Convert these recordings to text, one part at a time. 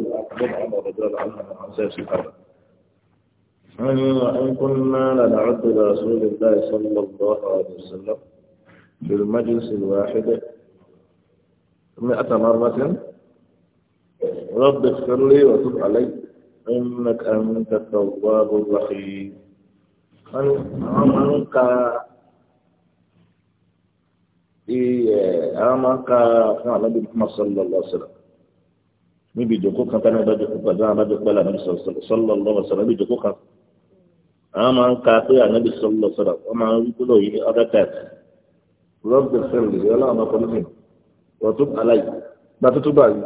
مطعم أن كنا لنعد رسول الله صلى الله عليه وسلم في المجلس الواحد مئة مرة رب اغفر لي وتب علي إنك أنت التواب الرحيم أنك إيه أمك فعل النبي محمد صلى الله عليه وسلم níbi ìjòkó kan tánà bá jòkó pàdé àwọn àbájọ pẹ̀lú ànábì sọlọ lọ́wọ́ sọlọ níbi ìjòkó kan àwọn máa ń ka pé ànábì sọlọ sọlọ wọn máa ń rí gbọ́dọ̀ yìí ní ọdẹ tẹẹtì rọgbẹ fẹlẹ ìyá ọlọ́run ọkọ lómi wọtú aláì gbàtútù bàbí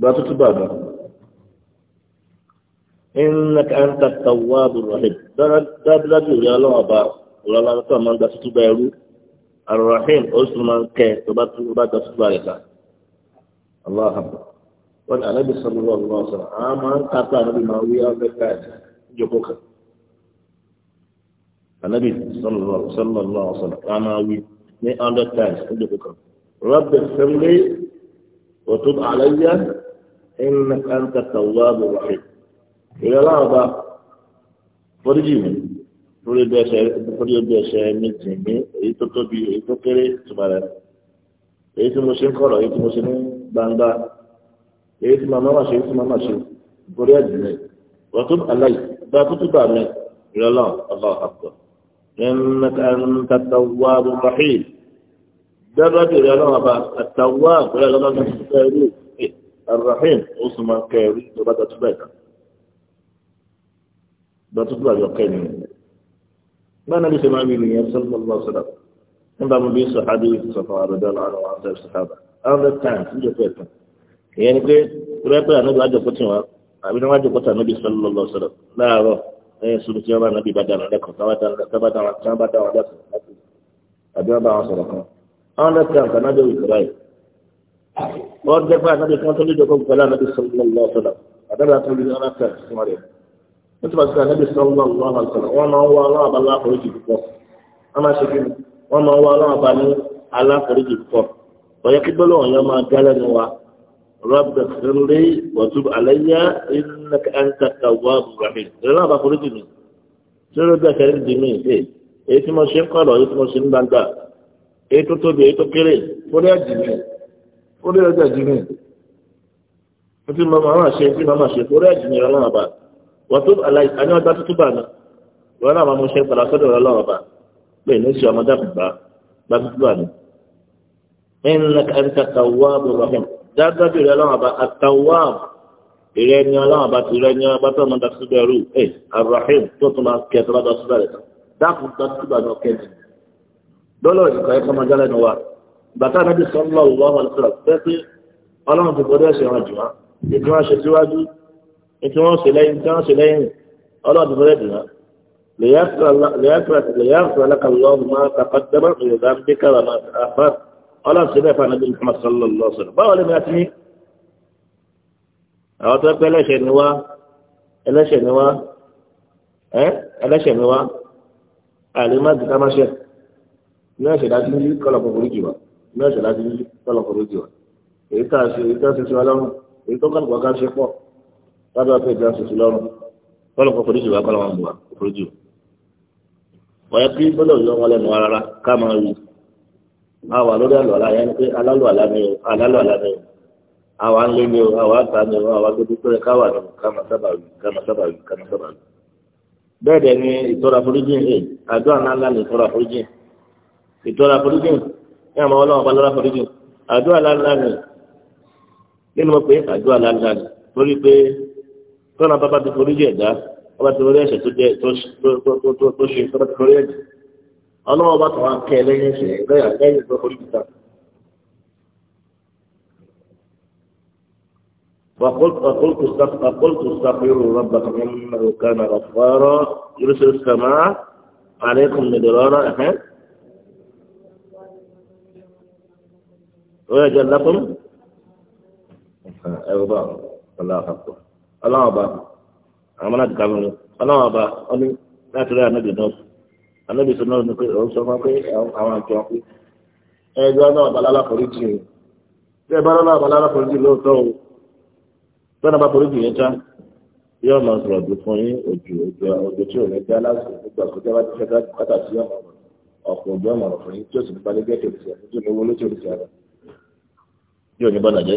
gbàtútù bàbí innaka anta tawwabur rahim dábìlábì ìyá ọlọ́run ọba ìrọlọrun tó máa ń gbàtútù bá ẹrú. arahim ó sì máa ń kẹ́ tó bá tó bá tó sùpà rẹ̀ ká allah akbar wọn ànábì sọlọ́wọ́ ọ̀gbọ́n sọ̀rọ̀ àwọn máa ń kápá ànábì máa wí ọ́fẹ́ káàdì jókòó kan ànábì sọlọ́wọ́ sọlọ́wọ́ sọ̀rọ̀ àwọn máa wí ní hundred times ní jókòó kan rọ́bì fẹ́mi òtún àlàyé ẹ̀ńnà kàńtà tàwọn àbúrò rẹ̀ ìrẹ́lá ọba fọ́díjì mi. lórí ojú ẹsẹ̀ lórí ojú ẹsẹ̀ mi tì mí èyí tó tóbi èyí tó kéré tùmọ̀ rẹ̀ èyí tí mo ṣe ń kọ̀rọ̀ èyí tí mo ṣe ní gbangba èyí tí màmá wà ṣe èyí tí màmá ṣe borí ẹ̀dùn mi wọ́n tó aláì bá tó tó bà mí ìrọ̀lọ́ ọba àpò ẹnìkà ńtàtàwà bọ̀mọ̀hì dábàá ti ìrọ̀lọ́ ọba àtàwà àpẹẹrẹ lọ́dọ̀ tó tó kẹrù arahim ó sì máa kẹrù tó bá tó tó bẹ̀ ká bá tó tó bà yọ kẹrù báyìí ló ṣe máa ń rìn yẹn sọ́dọ̀ lọ́wọ́ sọ́dọ̀ nígbà mo bí sọ̀hábí sọ̀fọ̀ àbẹ̀dọ́ àwọn ọ̀sẹ̀ sọ̀hábà hundred times ń jẹ́pẹ́ ẹ̀kan ìyẹn ni pé rẹ́pẹ́ ànábi wájú ọkọ̀ eh, wọn àbí wọ́n wájú ọkọ̀ tí ànábi sọ́dọ̀ lọ́wọ́ sọ́dọ̀ láàárọ̀ ẹ̀yẹ sọ́dọ̀ tí wọ́n bá ànábi bá dáná lẹ́kọ̀ọ́ tábà dáná tábà dáná lẹ́kọ̀ọ́ àbí wọ́n bá wọn sọ̀rọ̀ kan hundred times ànábi wì kúrẹ́ yìí wọ́n jẹ́pẹ́ ànábi kí wọ́n tó lé wọ́n ti bá sọ́dọ̀ ànábì sọ́lọ́ lọ́wọ́ àtọ̀nà wọ́n máa ń wá aláwọ̀ bá aláforíjì púpọ̀ wọ́n máa ṣe kí ni wọ́n máa ń wá aláwọ̀ bá ní aláforíjì púpọ̀ ọ̀yẹ́ kí gbọ́dọ̀ ọ̀yọ́ máa gá lẹ́nu wa rọ́bì fúnlé wọ́tú àlẹ́yà ìnàkà ẹ̀ńtà kàwá rẹ̀ lọ́wọ́ àbáforíjì mi tí ó bẹ̀ kẹrin dì mí ẹ̀ eh, èyí ṣe èyí tí mo ṣe ń gbangba èyí wọ́n tó aláì àní ọjà tó túbà náà wọ́n náà máa mú iṣẹ́ padà sọ́dọ̀ ọ̀rọ̀ lọ́wọ́ bá pé ní oṣù ọmọdé àbùbá bá tó túbà ní. ẹnlẹ ẹnìkan tàwa bò rahim dáadáa bí ìrẹ́ lọ́wọ́ bá àtàwa ìrẹ́ ni ọlọ́wọ́ bá ti rẹ́ ni ọba tó ọmọdé tó bẹ̀rù ẹ̀ arahim tó tún máa kẹ́ tó bá tó túbà rẹ̀ tán dákùn tó túbà náà kẹ́ lọ́lọ́ ètò wọn ṣe lẹ́yìn tí wọn ṣe lẹ́yìn ọlọ́ọ̀dún fẹ́rẹ́ dùn náà lèyàfẹ́ alákàlọ́ọ̀mù máa tàpá dẹ́mọ́ ìrìnà ń dékà wà máa tàpá ọlọ́ọ̀dún ṣe bẹ́ẹ̀ fún anábì Muhammad sallallahu alaihi wasallam báwo lè máa ti ní. àwọn tó pẹ́ ẹlẹ́ṣẹ̀ ni wá ẹlẹ́ṣẹ̀ ni wá ẹ́ ẹlẹ́ṣẹ̀ ni wá àlè má dùn ká ní ẹ̀ṣẹ̀ láti ní kọ́lọ̀ kòkòrò jù wá ní ẹ̀ṣẹ̀ láti ní kọ́lọ̀ kòkòrò jù wá èyí tó lábẹ́ ọ̀pẹ ìdílé aṣoṣo lọ́rùn kọ́lọ̀ kọ́ foríjì wá kọ́lọ̀ wọn bù wá foríjì o. wọ́n yẹ kí gbọ́dọ̀ yọ wọn lẹ́nu rárá ká máa wí. àwa lórí àlọ́ àlá yẹn ni pé alálọ́ àlá mi o alálọ́ àlá mi o àwa ń lé mi o àwa ta mi o àwa gbogbo pé káwa ni o ká máa sábà wí ká máa sábà wí ká máa sábà wí. bẹ́ẹ̀ dẹ̀ ni ìtọ́ra foríjì ń hẹ̀ àdó àná ńlá ni ìtọ́ra foríjì ìtọ́ra foríjì ní àmọ́ ọlọ́run bá lọ́ra foríjì àdó àlá ńlá ni nínú pé àdó àlá ńlá ni torí pé tọ́lá bàbá ti forí ẹ̀dá ọba ti forí ẹ̀ṣẹ̀ tó jẹ́ tó ṣe tó bá ti forí ẹ̀dá ọlọ́wọ́ bá tọ̀ wá ń kẹ́ lẹ́yìn ẹ̀ṣẹ̀ lẹ́yìn lẹ́yìn tó forí ẹ̀dá. وقلت وقلت استغفروا ربكم انه كان غفارا يرسل السماء عليكم مدرارا ويجعل لكم عظام الله اكبر ọlọ́ọ̀ba àwọn ọmọláàdì kàmínú ọlọ́ọ̀ba ọní láti rí ànábì náà ànábì sọ náà ní pé òun sọ fún pé àwọn àjọ pé ẹgbẹ́ ọlọ́ọ̀ba láláforíjì o ẹ bá lóòótọ́ o bá yẹn tán yóò sọ̀rọ̀ bí fún yín òjò òjò òjò tí aláṣẹ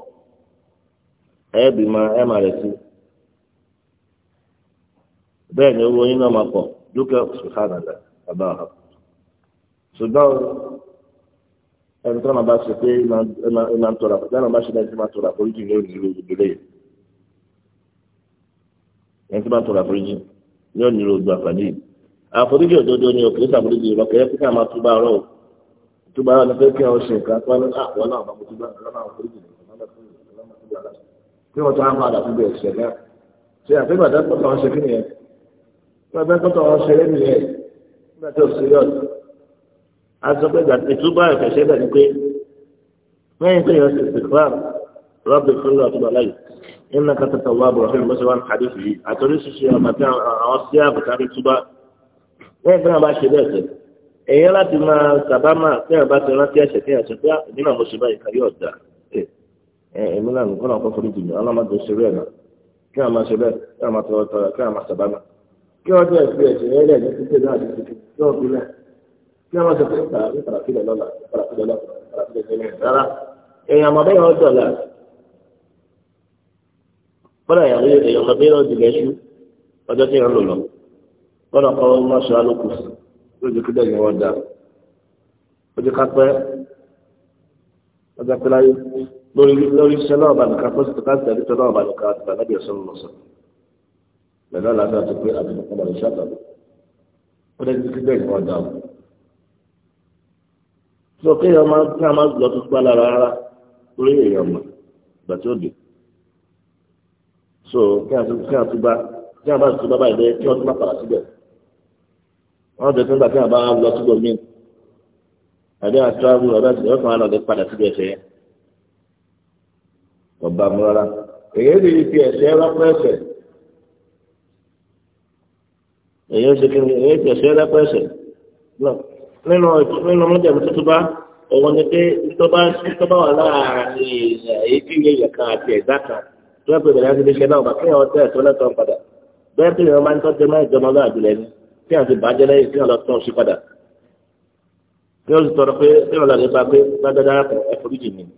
Ebi ma máa ẹ máa rẹ̀ sí bẹ́ẹ̀ ni owó yín náà máa pọ̀ dúkìá sùhánàlá bàbá wa ṣùgbọ́n ẹni tó náà bá ṣe pé ẹ máa ń tọrọ àpò dáná bá ṣe dájú máa tọrọ àforíjì ní òní ìlú lẹ́yìn ẹni tọrọ yìí àforíjì òdodo ni òkè máa pé wọ́n tó ń padà fún bí ẹ̀sẹ̀ náà ṣe àfihàn àdàpọ̀tà wọn ṣe kí nìyẹn àdàpọ̀tà wọn ṣe lé nìyẹn nígbà tó ṣe yọ̀ a sọ pé ìtúbà ìfẹ̀ṣẹ́ bẹ̀ ni pé lẹ́yìn tó yọ sí ìsìnkúrán rọ́bì fúnlọ́ tó bàlá yìí iná kàtà tàwa àbúrọ̀fẹ́ mọ́ṣẹ́ wà ní àdéhù yìí àtọ́rí ṣíṣe ọmọ àwọn sí àbùkà èmi náà nìkan náà kọ́ foríjì mi ọlọ́mọdé ṣeré ẹ̀ náà kí wọ́n máa ṣe bẹ́ẹ̀ kí wọ́n máa tọrọ tọrọ kí wọ́n máa ṣàbá náà kí wọ́n tún ẹ̀sìn ẹ̀sìn rẹ̀ na títí náà ti ti kí wọ́n fi kí wọ́n máa ṣe fún ìpàrà nípa àfilẹ̀ lọ́la ìpàrà àfilẹ̀ lọ́la ìpàrà àfilẹ̀ lọ́la rárá èèyàn mọ̀ èèyàn tí lórí lórí sẹlẹ ọba nìkan tó ti ká tẹ̀lé tẹ̀lé ọba nìkan àti tàbí ẹ̀sọ́ lọ́sọ̀ pẹ̀lú àlàáfíà tó pé àbùkù ọba ìṣẹ́ àtàwọn ó lè ti bẹ́ẹ̀ kọ́ dà ó. sọ pé ọmọ kí a máa lọ tó gbá lára rárá lórí èèyàn mọ̀ ìgbà tí ó dé. so kí a tún kí a tún bá kí a bá tún bá báyìí bẹ́ẹ̀ kí wọ́n tún bá padà síbẹ̀. wọ́n bẹ̀ fún ìgbà kí a bá lọ síbò míì àbí ọba mu rárá èyí lè fi ẹsẹ̀ rọpò ẹsẹ̀ èyí ó ṣe kí ni èyí fi ẹsẹ̀ rọpò ẹsẹ̀ nínú nínú mọdẹmú tuntun bá òun ni pé ntọ́ba ntọ́ba wà láàárín èyí tí ìyẹn yẹ kan àti ẹ̀dá kan tó ẹ pé bẹ̀rẹ̀ láti fi ṣe náà bá kí wọn tẹ ẹ̀sọ́ lẹ́tọ̀ padà bẹ́ẹ̀ tí ìyẹn máa ń tọ́jú mọ́ ìjọba náà àdúlẹ̀ ni kí wọn ti bàjẹ́ lẹ́yìn kí wọn lọ tún ṣe padà kí wọn sì tọrọ pé kí wọn lọ lè pé lágbàdá ẹ̀fọ́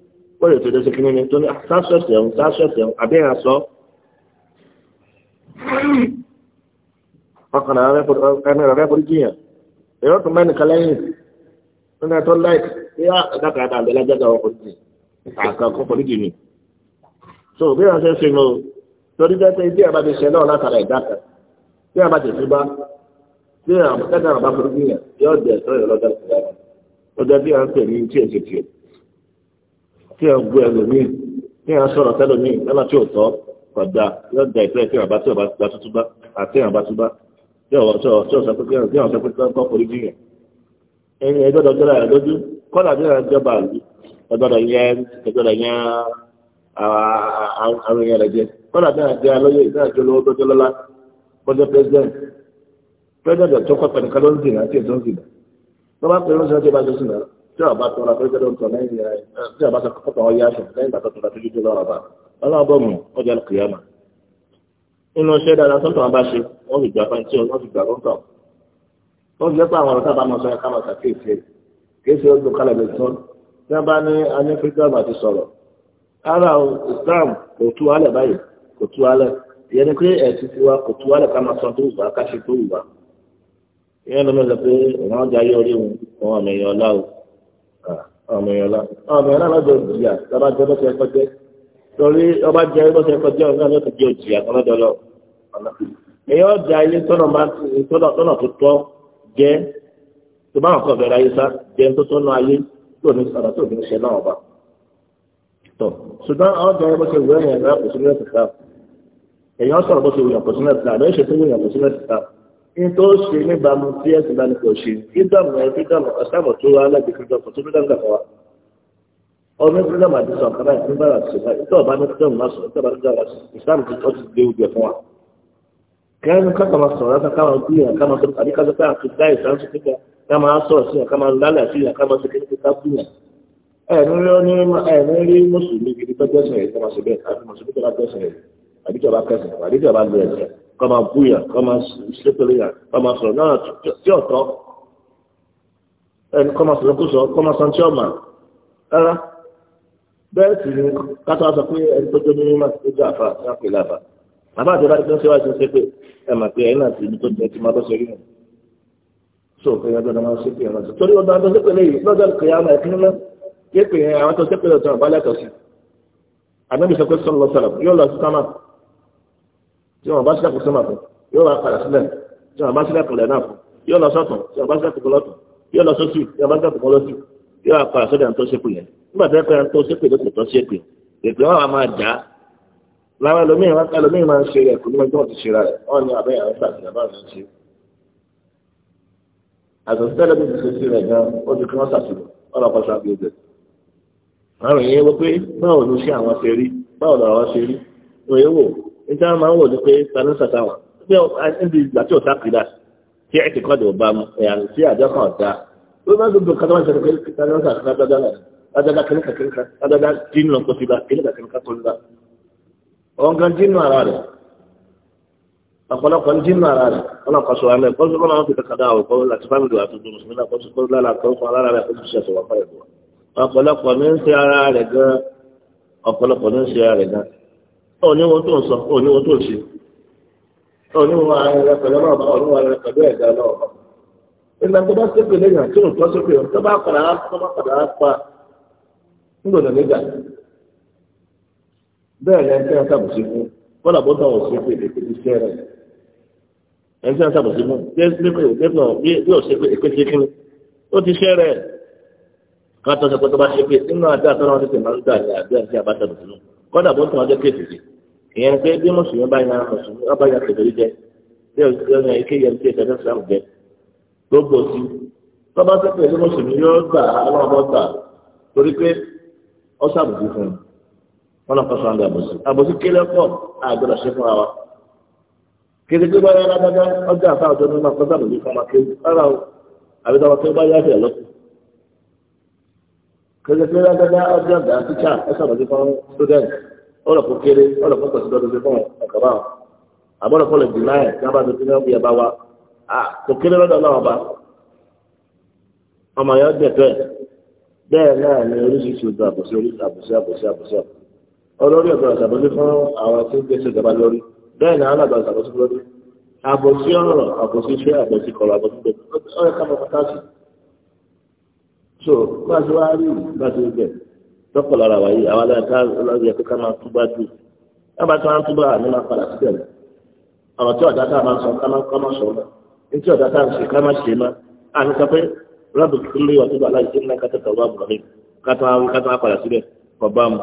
wọ́n lè tó dẹ́sẹ̀ kí nínú tó ní ah, sásọ̀tẹ̀ ọ̀hún sásọ̀tẹ̀ ọ̀hún àbí ẹ̀hàn sọ. ọkàn àwọn ẹni rẹ̀ forí jiyàn èrò tó mẹ́rin kan lẹ́yìn nínú ẹ̀tọ́ láì bí á dákàá dà lé lájàgà wọn forí jì àkà kó forí jì ni. so bí wọ́n ṣe ń sinmi o torí dẹ́sẹ̀ bí àbá ti ṣe náà látara ẹ̀dá kan bí àbá ti fi bá bí àbá ti ṣe náà bá forí jiyàn yóò jẹ́ ẹ̀tọ́ kí ẹ gbọ́ ẹlòmíì kí ẹ sọ̀rọ̀ tẹ́lòmíì lọ́nà tí ò tọ́ kọ̀dà yóò da ìpínlẹ̀ tí ọba tí ọba gba tuntun bá àti ọba tó bá tí ọba tí ọba tí ọba pé kí ọba pé kí ọba forí jìyàn. ẹni ẹgbẹ́dọ̀ jọra ẹ̀ lójú kọ́dà bí ẹ̀rọ jọba àlù ẹgbẹ́dọ̀ yẹn àwọn èèyàn rẹ̀ jẹ kọ́dà bí ẹ̀rọ jẹ alóye ìdá àjọ lọ́wọ́ tó jọlọ́lá bọ́jọ́ pẹ́sidẹ́ntì pẹ́sidẹ́ntì tó tí a bá tọrọ tó jẹ́rọ tọ̀ lẹ́yìn rẹ̀ tí a bá tọkọtọ̀ ọ̀yá aṣọ lẹ́yìn ìgbà tó tọrọ tó jẹ́rọ lọ́rọ̀ bá ọlọ́bọ̀mù ọjà kìyàmà nínú iṣẹ́ dáadáa tó tọ̀ wọn bá ṣe wọ́n fi gbà fún tí wọ́n fi gbà lọ́tọ̀ wọ́n fi lẹ́pọ̀ àwọn ọ̀tá bá mọ̀ sọ́yà káwọn sàkéèsì kéèsì ó dùn kálẹ̀ lẹ́tọ́ tí wọ́n bá ní alẹ́ freedom àti sọ̀rọ̀ ara Islam kò tú alẹ̀ báyìí kò tú alẹ̀ ìyẹn ni pé ẹ̀sìn tiwa kò tú alẹ̀ ká máa sọ tó wù ká ṣe tó wù ìyẹn ló mọ̀ pé ìwọ́n ọjà yóò òun òun àmì ìyọ̀ ọlá ọmọ ìyọlá ọmọ ìyọlá lọ́dọ̀ jìyà lọ́ba jẹ́ bọ́sẹ̀ ẹ̀kọ́ jẹ́ torí ọba jẹ́ bọ́sẹ̀ ẹ̀kọ́ jẹ́ ọ̀gá lọ́dọ̀ jẹ́ òjìyà lọ́dọ̀ lọ. èyí ọjà ilé tọ́nà tó tọ́ jẹ́ tó bá wọn kọ̀ bẹ̀rẹ̀ ayé sá jẹ́ tó tọ́nà ayé tó ní sọ̀rọ̀ tó ní ṣe náà ọba. tó ṣùgbọ́n ọjà ilé bọ́sẹ̀ wúrẹ́ yẹn lọ́yà kò sí nítorí ó ṣe níbàámu tí ẹ̀sìn bá ní kò ṣe fídọ̀mù ẹ̀ fídọ̀mù ọ̀sàmù tó wá láti fídọ̀mù tó fídọ̀mù gbà wá ọmọ fídọ̀mù àti sọ ọ̀kan láti fídọ̀mù àti sọ̀kan ìtọ́ ọ̀bá ní fídọ̀mù máa sọ ìtọ́ ọ̀bá ní fídọ̀mù àti ìsìlámù tó ti dé ojú ẹ̀ fún wa. kẹ́hìn káka máa sọ̀rọ̀ láti káwọn bí yàn ká máa sọ àbí ká sọ́kà àti dá ìsàn sí kíkà ká máa sọ̀rọ̀ sí yàn ká máa lálẹ́ sí tó gbẹ́sẹ̀ kọ́ máa búyàn kọ́ máa ṣépèlè yàn kọ́ máa sọ̀rọ̀ náà tí ọ̀tọ́ ẹni kọ́ máa sọ̀rọ̀ kó sọ kọ́ máa san tí ọ̀mà rárá bẹ́ẹ̀ sì ni kátó wá sọ pé ẹni tó tó ní mímọ́ tó jẹ́ àfà sápè làbà bàbá àti ìbáraẹni tó ń ṣèwádìí ń ṣe pé ẹ mà pé ẹ̀yin náà ti ibi tó jẹ ti máa bọ́ sórí yàn so kò yẹn gbọ́dọ̀ máa ṣépè yẹn lọ́sọ̀ torí ọdún adọ́sẹ́ pẹ̀lẹ́ yìí lọ́jọ́ kìyàmà ẹ̀kíní náà kéèpè yẹn àwọn tó ṣépè lọ́sọ̀ àbálẹ̀ tọ̀sí àbẹ́mi tí wọ́n bá sílẹ̀kùn sọ́mà fún yóò wá padà sílẹ̀ tí wọ́n bá sílẹ̀kùn lẹ̀ náà fún yóò lọ sọ́tọ̀ tí wọ́n bá sílẹ̀kùn lọ́tọ̀ yóò lọ sọ́tù tí wọ́n bá sílẹ̀kùn lọ́tù yóò wá padà sọ́dọ̀ tó ṣépè yẹn nígbà tó yẹ pé tó ṣépè ló tó ṣépè èpè wọn máa dá láwọn ẹlòmíín wọn ẹlòmíín máa ń ṣe rẹ kò ní ti ṣe ra rẹ wọn ni àbẹ́yà ń gbàgbé àbá ń ṣe. àtúntò tẹ́lẹ̀ bí ti ṣe rẹ̀ gan ó ti kí wọ́n ṣàṣìlò wọn lọ́kọ́ sábì ó bẹ̀rẹ̀. àwọn èèyàn wọ pé báwo ló ṣe àwọn ṣe rí báwo lọ́rọ̀ ṣe rí òye wò níta máa ń wò ní pé sanu sàtà wọn pé níbi ìgbà tí òtá kìlá tí ẹ ti kọ́ di ọba mu ẹ̀yà tí àjọ kan ọ̀tá ló máa ń gbogbo kátó máa ń sọ̀rọ̀ pé sanu sàtà dáadáa náà dáadáa kìnìkà kìnìkà dáadáa dínú ọkọ̀ síba kìnìkà kìnìkà tó ń bá wọn gan dínú ara rẹ̀ ọ̀pọ̀lọpọ̀ ní dínú ara rẹ̀ wọn náà kọ́sọ̀ àmì ẹ̀kọ́ sọ́kọ́ náà fi kàkàdá ọ̀kọ́ láti fámìlì àtúntò mùsùlùmí náà kọ́sọ̀ kọ́ lára kọ́ fún alára rẹ̀ kó ti ṣẹ̀ṣọ̀ wà fáyẹ̀ bọ̀ ọ̀pọ̀lọpọ̀ ní ń ṣe ara rẹ̀ gan ọ̀pọ̀lọpọ̀ ní ń ṣe ara rẹ̀ gan onye tó ń sọ oníwo tó ń ṣe oníwo ara rẹ pẹ̀lú náà bá oníwo ara rẹ pẹ̀lú ẹ̀dá náà bá ìgbà tó bá sépè lẹ́yìn àti òǹtọ́ sépè òǹtọ́ bá padà á tó bá padà á pa ńgbọ̀nà nígbà bẹ́ẹ̀ ni ẹni tí wọ́n fún kọ́lá bó dáwọ̀ sépè lè fi iṣẹ́ rẹ̀ ẹni tí wọ́n sàbòsí fún bí sépè lẹ́gbọ̀n bí ò sépè èpè ṣe kíni ó ti tó bá nínú àtọ́nà wọn máa ń ní àti bó dáwọ̀ e pé bí mùsùlùmí bá mùsùlùmí ọba yan kẹfẹrí jẹ bí ọsùn yan ike yan tí ìtẹ̀tẹ̀ sàm jẹ gbogbo sí tọ́ba tó pẹ̀lú mùsùlùmí yóò gbà àwọn ọmọ gbà torí pé ọ sàbùkù fún un wọn lọ kọsọ àndà àbòsí àbòsí kélé pọ àgbẹ̀rẹ̀ ṣe fúnra wa kéde pé báyọ̀ alágbádá ọjọ́ àfa àjọ ní ọmọ ọ̀rọ̀ kò kéré ọ̀rọ̀ kò kọ̀sí lọ́dún fún ọ̀kàbá wọn àbọ̀rọ̀ kọ́ lè dì náà ẹ̀ náà bá tó kíní ọ̀bí ẹ̀ bá wa kò kéré lọ́dọ̀ náà ọba ọmọ yẹn dẹ̀tọ̀ ẹ̀ bẹ́ẹ̀ náà ni oríṣiríṣi ojú àbòsí oríṣiríṣi àbòsí àbòsí àbòsí olórí ọ̀gbọ̀n àṣàbòsí fún àwọn tí ń gbé ṣèjọba lórí bẹ́ẹ̀ náà alága àṣàbòsí lórí àbòsí ọ̀rọ̀ àbòsí iṣẹ́ àbòsí kọ̀rọ̀ àbòsí gbẹ̀gbẹ̀ ọ̀rẹ́ ká mọ̀ pátá sí. so bá a ti wá rí bá a ti rí bẹ́ẹ̀ lọ́pọ̀ lára wa yìí àwọn aláìka lọ́yẹ kó ká máa túbà jù lábàá tí wọ́n túbà ní máa padà síbẹ̀ lọ ọ̀rọ̀ tí ọ̀dá tá a máa sọ ká máa kọ́ máa sọ lọ ní tí ọ̀dá tá a ṣe ká máa ṣe má a ní sọ pé rọ́bì kílé ọ̀tún bá láì sínú ká tẹ̀tọ̀ wá bùrọ̀ yìí ká tó ká tó padà síbẹ̀ kọ bá mu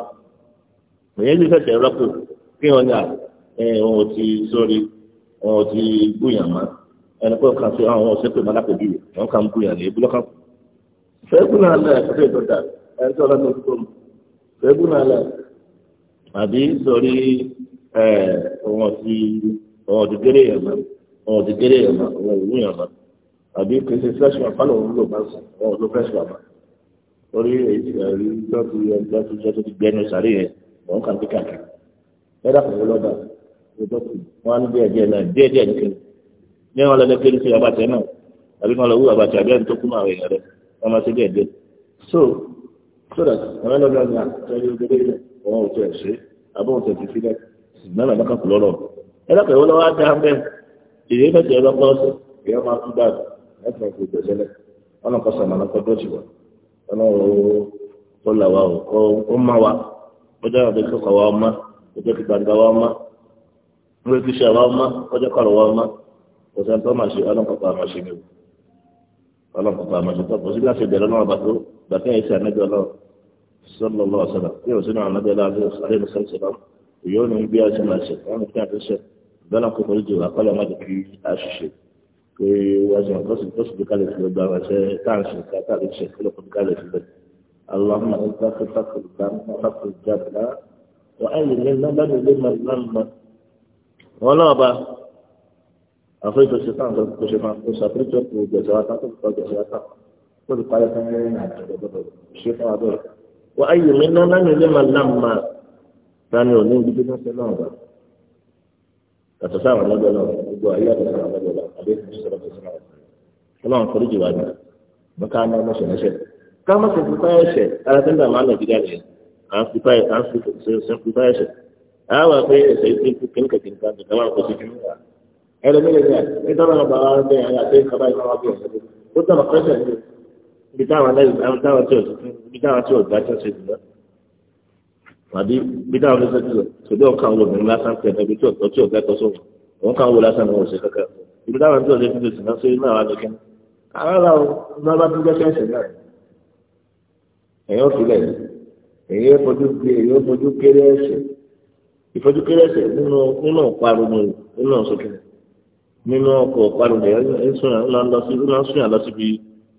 òye ní fẹsẹ̀ rọ́pò kí wọ́n ní à òun ò ti sórí ń gbúyàn ṣẹ́gun nàlẹ́ àbí sọ̀rí ẹ̀ ọ̀hún ti ọ̀hún ti kéré yẹn mọ́ ọ̀hún ti kéré yẹn mọ́ ọ̀hún ìlú yẹn mọ́ àbí kèsì fẹ́ṣọ̀ àpálọ̀ òun ló bá sùn ọ̀hún ló fẹ́ṣọ̀ àmọ́ torí ẹ̀rí dọ́tù yẹn dọ́tù yẹn tó ti gbẹnu sàrí yẹn ọ̀hún kàn kíkà kí ẹ̀dá kò lọ́dà dọ́tù wọn á ní díẹ̀ díẹ̀ náà díẹ̀ díẹ̀ nìkan ní wọn lọ́dẹ kéré sí abatẹ náà àbí wọn lọ wú abatẹ àbí ẹni tó kú so sọ́dà àwọn ẹlọ́dà ní àtẹ́rí ogede ilẹ̀ ọ̀hún ọ̀tọ̀ ẹ̀ ṣe abọ́n tẹ̀ fífi lẹ̀ ṣùgbọ́n àbáká kù lọ́rọ̀ ẹlọ́kọ̀ ìwọ́n lọ́wọ́ dá ń ọrụ, èyí mẹ́tẹ̀ ọrụ, ọ̀sẹ̀ èyí máa tún dáàbò láti máa fi gbẹ̀sẹ̀ lẹ̀ ọlọ́kọ̀ sàmà lọ́kọ̀ wa wa wa kò pa صلى الله عليه وسلم يو سنة عن نبي الله عليه الصلاة والسلام يوني بيا سنة الشيخ وانا كان في الشيخ بلا كفر جوا قال ما تكفي عاش الشيخ في وزن قص قص بكالة في الدار تعال الشيخ تعال الشيخ كله قد قال في البيت اللهم انت خطك الدم وخط الجبل وقال لي لنا بني لما لما ولا با أفريقيا الشيطان قلت الشيطان قلت أفريقيا قلت أفريقيا قلت أفريقيا قلت أفريقيا قلت أفريقيا قلت أفريقيا قلت أفريقيا قلت أفريقيا قلت أفريقيا قلت wa ayi na mí ná lánàá ilé màá ma. má sani òní ibi tó fẹ́ náà gbà kàtó sáwọn ọlọ́dọ̀ náà gbogbo ayé àti sáwọn ọlọ́dọ̀ náà àbí na ìṣòro tó sáwọn ọlọ́dọ̀ ọlọ́run forí jù wá ní bàtà náà ọmọ ṣẹlẹ̀ ṣẹ ká má ṣe fipá ẹ̀ṣẹ̀ ara tó ń dà má nàìjíríà à ń à ń à wà pé kó bí táwọn tí ọ̀tún bí táwọn tí ọ̀gbá tí ó ṣe jùlọ àbí bí táwọn fẹsẹ̀ jùlọ ṣòdí ọ̀ka àwọn obìnrin lásán tẹ̀lé ibi tí ọ̀tọ̀ tí ọ̀gá tọ́ sóhun òun ká wọ lásán àwọn òṣèlú kankan ibi táwọn tí ọ̀tún fi ṣùgbọ́n sí náà wà lókè alára ọ̀nà bá dúró kẹ́sẹ̀ náà èèyàn fìlẹ̀ èèyàn fojú èèyàn fojú kéré ẹ̀ṣẹ̀ ìfojú kéré ẹ̀ṣẹ̀ nínú nínú ọ̀parun nínú ọ̀sọ̀kẹ̀ nínú ọkọ̀ ọ̀parun èèyàn ń sún àlọ́ síbi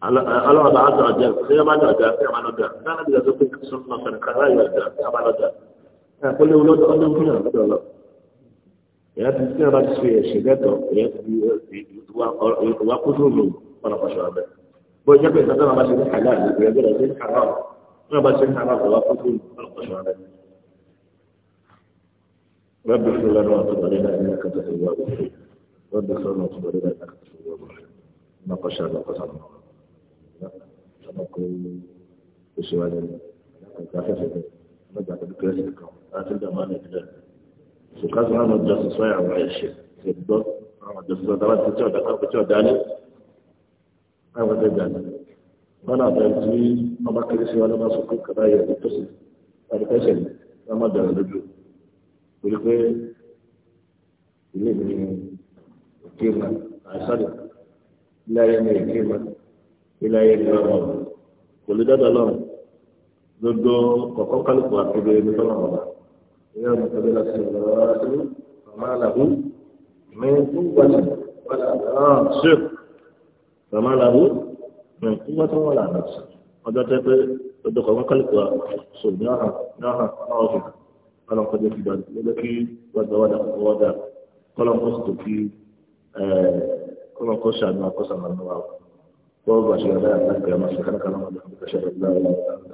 Allah ba da ajiyar sai ba da ajiyar sai ba da ajiyar na da zo kun sun na san karai da ajiyar sai ba da ajiyar ta kullu wala da wannan kullu da Allah ya ta sai ba su ya shiga to ya zuwa wa kuzuru wala ba shi ba bo ya ba da ba shi halal ya ga da shi haram ba ba shi haram wa kuzuru wala ba shi ba رب اغفر لنا وتب علينا انك انت التواب الرحيم رب اغفر لنا وتب علينا انك انت التواب الرحيم نقش هذا قصر ọkọ̀ oṣù alẹ́ ìgbàfẹ́fẹ́ bẹ́ẹ̀ lọ́jà pẹ̀lú kẹ́sì kan láti dàmọ́ nàìjíríà ṣùkásù àwọn ọjọ́ sọ́sọ́ àwọn ẹ̀ṣẹ̀ ṣe gbọ́ àwọn ọjọ́ sọ́sọ́ dáwà tí ọ̀dà kan pẹ̀tí ọ̀dà ní àwọn ẹgbẹ́ dání wọn náà bẹ̀rẹ̀ tí wọ́n bá kéré sí wọn lọ́wọ́ sọ pé kàdá yẹ ẹ̀rọ tó sì láti kẹ́sẹ̀ ní wọ́n má dàrú lójú torí pé ilé mi ni kéema àìsàn ilé ayé mi kéema ilé ayé ìlú ọ̀rọ̀ kò lè dọ́dọ̀ lọ́rùn gbogbo kọ̀ọ̀kan kálukú àkójọ ẹni tó lọ́wọ́ wa ìyá ọ̀nà tó lọ sí ọ̀rọ̀ wa sí ọ̀mà àlàbù mi kú wọlé wọlé ọ̀hún sí ọ̀mà àlàbù mi kú wọlé wọlé àná sí ọjọ́ tẹ́ pé gbogbo kọ̀ọ̀kan kálukú àkójọ ní ọ̀hàn ní ọ̀hàn ọ̀hún kọ́lọ̀ kọ́ jẹ́ kí gbàgbé kí wọ́dà wọ́dà wọ́dà kọ́lọ̀ kọ́ sì tó kí kọ́lọ̀ kọ́ sàánú àkọ́sàmánú wa wọ́n. وأشهد أن لا إله إلا الله وأشهد أن لا إله إلا الله